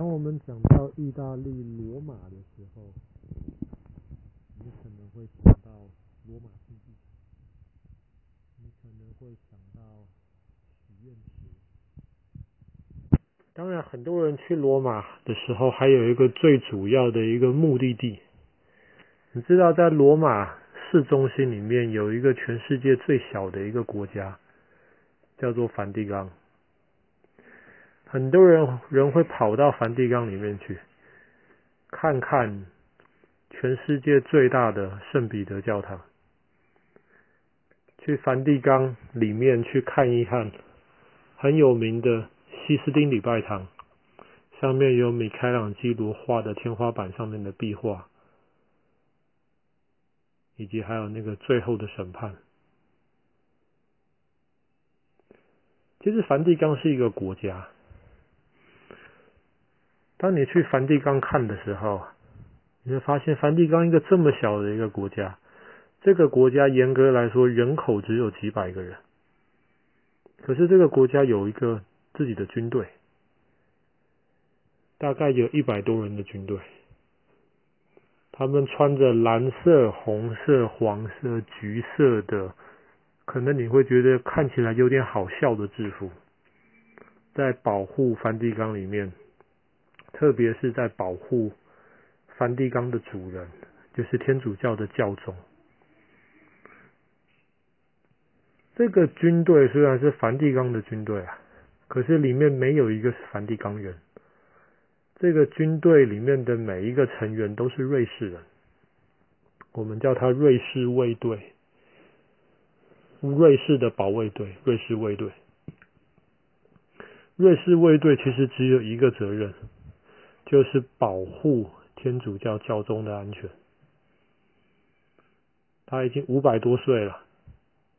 當我們講到意大利羅馬的時候，你可能會想到羅馬競技場。你可能會想到許願池。當然，很多人去羅馬的時候，還有一個最主要的一個目的地。你知道，在羅馬市中心裡面有一個全世界最小的一個國家，叫做梵蒂岡。很多人人會跑到梵蒂岡裡面去看看全世界最大的聖彼得教堂，去梵蒂岡裡面去看一看很有名的西斯丁禮拜堂，上面有米開朗基羅畫的天花板上面的壁畫，以及還有那個最後的審判。其實梵蒂岡是一個國家。當你去梵蒂岡看的時候，你會發現梵蒂岡一個這麼小的一個國家，這個國家嚴格來說人口只有幾百個人，可是這個國家有一個自己的軍隊，大概有一百多人的軍隊，他們穿着藍色、紅色、黃色、橘色的，可能你會覺得看起來有點好笑的制服，在保護梵蒂岡裡面。特別是在保護梵蒂岡的主人，就是天主教的教宗。這個軍隊雖然是梵蒂岡的軍隊啊，可是裡面沒有一個是梵蒂岡人。這個軍隊裡面的每一個成員都是瑞士人，我們叫他瑞士衛隊。瑞士的保衛隊，瑞士衛隊。瑞士衛隊其實只有一個責任。就是保護天主教教宗的安全。他已經五百多歲了，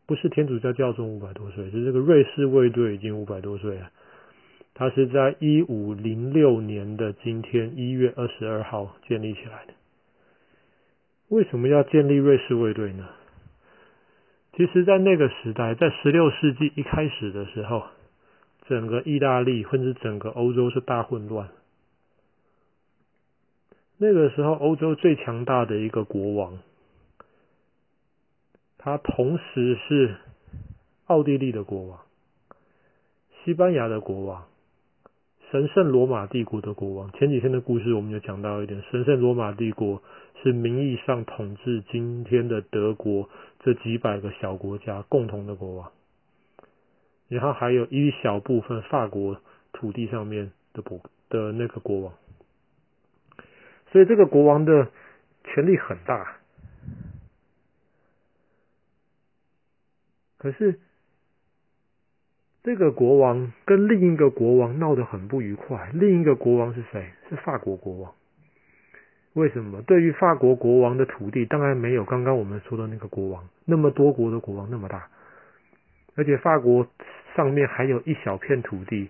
不是天主教教宗五百多歲，是這個瑞士衛隊已經五百多歲了。他是在一五零六年的今天一月二十二號建立起來的。為什麼要建立瑞士衛隊呢？其實，在那個時代，在十六世紀一開始的時候，整個意大利甚至整個歐洲是大混亂。那個時候，歐洲最強大的一個國王，他同時是奧地利的國王、西班牙的國王、神聖羅馬帝國的國王。前幾天的故事，我們就講到一點：神聖羅馬帝國是名義上統治今天的德國這幾百個小國家共同的國王，然後還有一小部分法國土地上面的國的那個國王。所以這個國王的權力很大，可是這個國王跟另一個國王鬧得很不愉快。另一個國王是誰？是法國國王。為什麼？對於法國國王的土地，當然沒有剛剛我們說的那個國王那麼多國的國王那麼大，而且法國上面還有一小片土地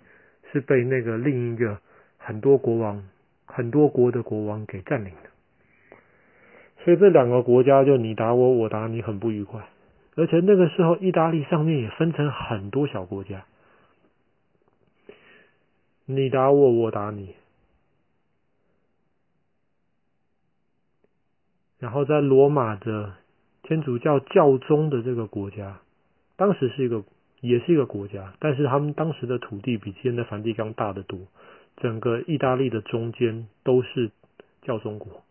是被那個另一個很多國王。很多國的國王給佔領了，所以這兩個國家就你打我，我打你，很不愉快。而且那個時候，意大利上面也分成很多小國家，你打我，我打你。然後在羅馬的天主教教宗的這個國家，當時是一個，也是一個國家，但是他們當時的土地比今天的梵蒂岡大得多。整個意大利的中間都是教宗國，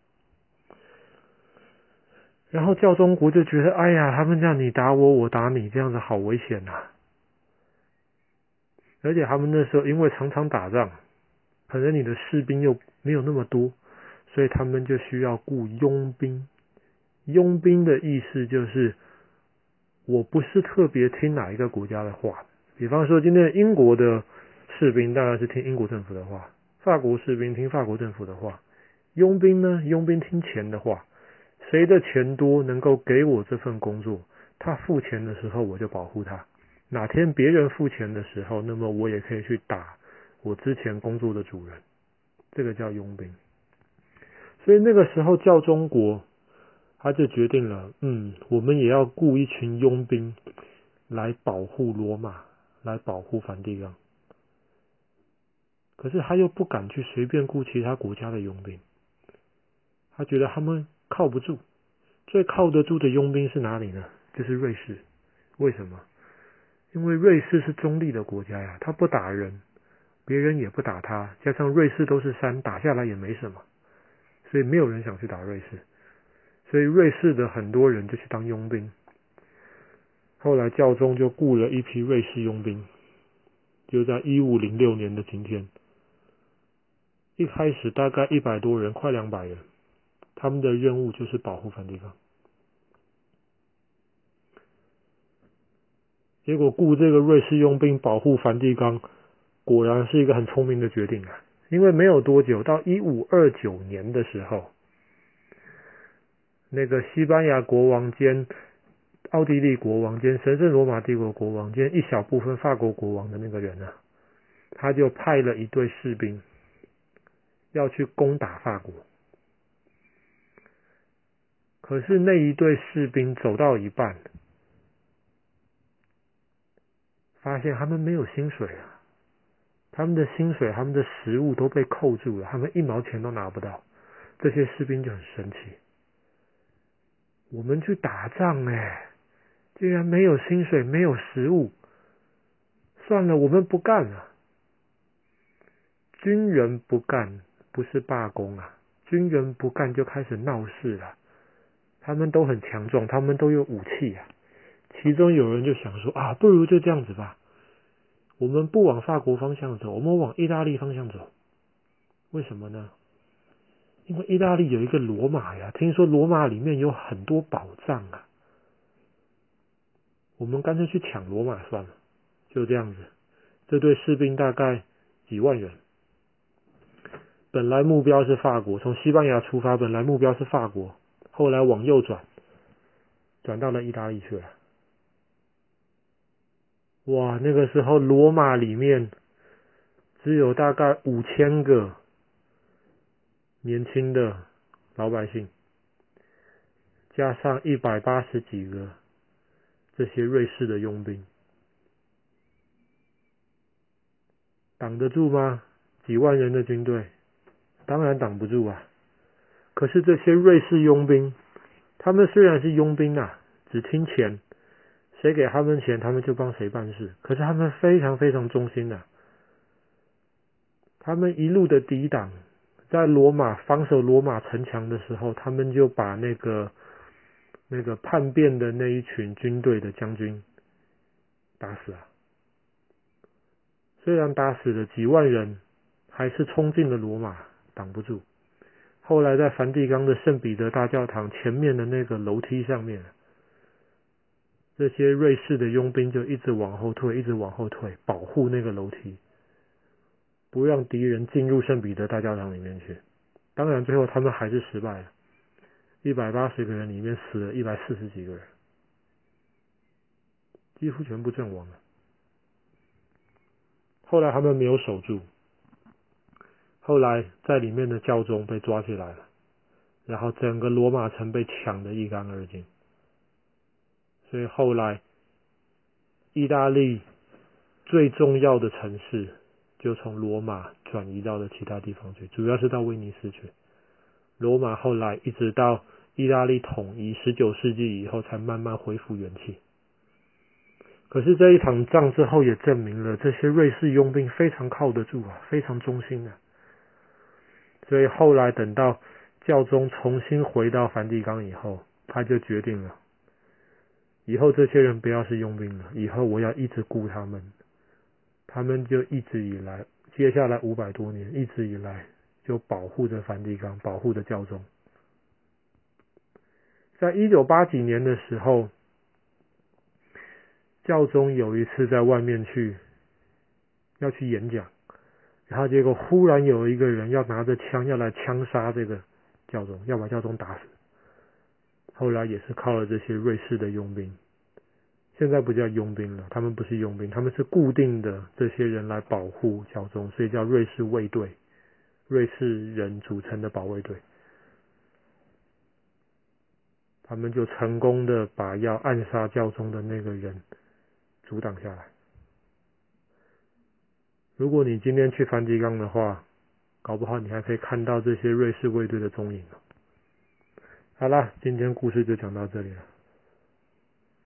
然後教宗國就覺得，哎呀，他們這樣你打我，我打你，這樣子好危險吶、啊。而且他們那時候因為常常打仗，可能你的士兵又沒有那麼多，所以他們就需要僱傭兵。傭兵的意思就是，我不是特別聽哪一個國家的話。比方說，今天英國的。士兵當然是聽英國政府的話，法國士兵聽法國政府的話，傭兵呢？傭兵聽錢的話，誰的錢多，能夠給我這份工作，他付錢的時候我就保護他。哪天別人付錢的時候，那麼我也可以去打我之前工作的主人。這個叫傭兵。所以那個時候教宗，他就決定了，嗯，我們也要雇一群傭兵來保護羅馬，來保護梵蒂岡。可是他又不敢去隨便雇其他國家的傭兵，他覺得他們靠不住。最靠得住的傭兵是哪裡呢？就是瑞士。為什麼？因為瑞士是中立的國家呀，他不打人，別人也不打他。加上瑞士都是山，打下來也沒什麼，所以沒有人想去打瑞士。所以瑞士的很多人就去當傭兵。後來教宗就雇了一批瑞士傭兵，就在一五零六年的今天。一開始大概一百多人，快兩百人，他們的任務就是保護梵蒂岡。結果雇這個瑞士傭兵保護梵蒂岡，果然是一個很聰明的決定啊！因為沒有多久，到一五二九年的時候，那個西班牙國王兼奧地利國王兼神聖羅馬帝國國王兼一小部分法國國王的那個人啊，他就派了一隊士兵。要去攻打法國，可是那一隊士兵走到一半，發現他們沒有薪水啊，他們的薪水、他們的食物都被扣住了，他們一毛錢都拿不到。這些士兵就很生氣：“我們去打仗哎，竟然沒有薪水，沒有食物，算了，我們不幹了。”軍人不幹。不是罷工啊，軍人不幹就開始鬧事了。他們都很強壯，他們都有武器啊。其中有人就想說啊，不如就這樣子吧，我們不往法國方向走，我們往意大利方向走。為什麼呢？因為意大利有一個羅馬呀，聽說羅馬裡面有很多寶藏啊。我們乾脆去搶羅馬算了，就這樣子。這隊士兵大概幾萬人。本來目標是法國，從西班牙出發，本來目標是法國，後來往右轉，轉到了意大利去了。哇，那個時候羅馬裡面只有大概五千個年輕的老百姓，加上一百八十幾個這些瑞士的傭兵，擋得住嗎？幾萬人的軍隊？當然擋不住啊！可是這些瑞士傭兵，他們雖然是傭兵啊，只聽錢，誰給他們錢，他們就幫誰辦事。可是他們非常非常忠心的啊，他們一路的抵擋，在羅馬防守羅馬城牆的時候，他們就把那個那個叛變的那一群軍隊的將軍打死了啊。雖然打死了幾萬人，還是衝進了羅馬。擋不住。後來在梵蒂岡的聖彼得大教堂前面的那個樓梯上面，這些瑞士的傭兵就一直往後退，一直往後退，保護那個樓梯，不讓敵人進入聖彼得大教堂裡面去。當然，最後他們還是失敗了，一百八十個人裡面死了一百四十幾個人，幾乎全部陣亡了。後來他們沒有守住。後來在裡面的教宗被抓起來了，然後整個羅馬城被搶得一乾二淨，所以後來意大利最重要的城市就從羅馬轉移到了其他地方去，主要是到威尼斯去。羅馬後來一直到意大利統一十九世紀以後才慢慢恢復元氣。可是這一場仗之後也證明了這些瑞士傭兵非常靠得住啊，非常忠心啊。所以後來等到教宗重新回到梵蒂岡以後，他就決定了，以後這些人不要是傭兵了，以後我要一直雇他們。他們就一直以來，接下來五百多年，一直以來就保護着梵蒂岡，保護着教宗。在一九八幾年的時候，教宗有一次在外面去，要去演講。他結果忽然有一個人要拿着槍要來槍殺這個教宗，要把教宗打死。後來也是靠了這些瑞士的傭兵，現在不叫傭兵了，他們不是傭兵，他們是固定的這些人來保護教宗，所以叫瑞士衛隊，瑞士人組成的保衛隊。他們就成功的把要暗殺教宗的那個人阻擋下來。如果你今天去梵蒂岡的話，搞不好你還可以看到這些瑞士衛隊的蹤影。好了，今天故事就講到這裡了。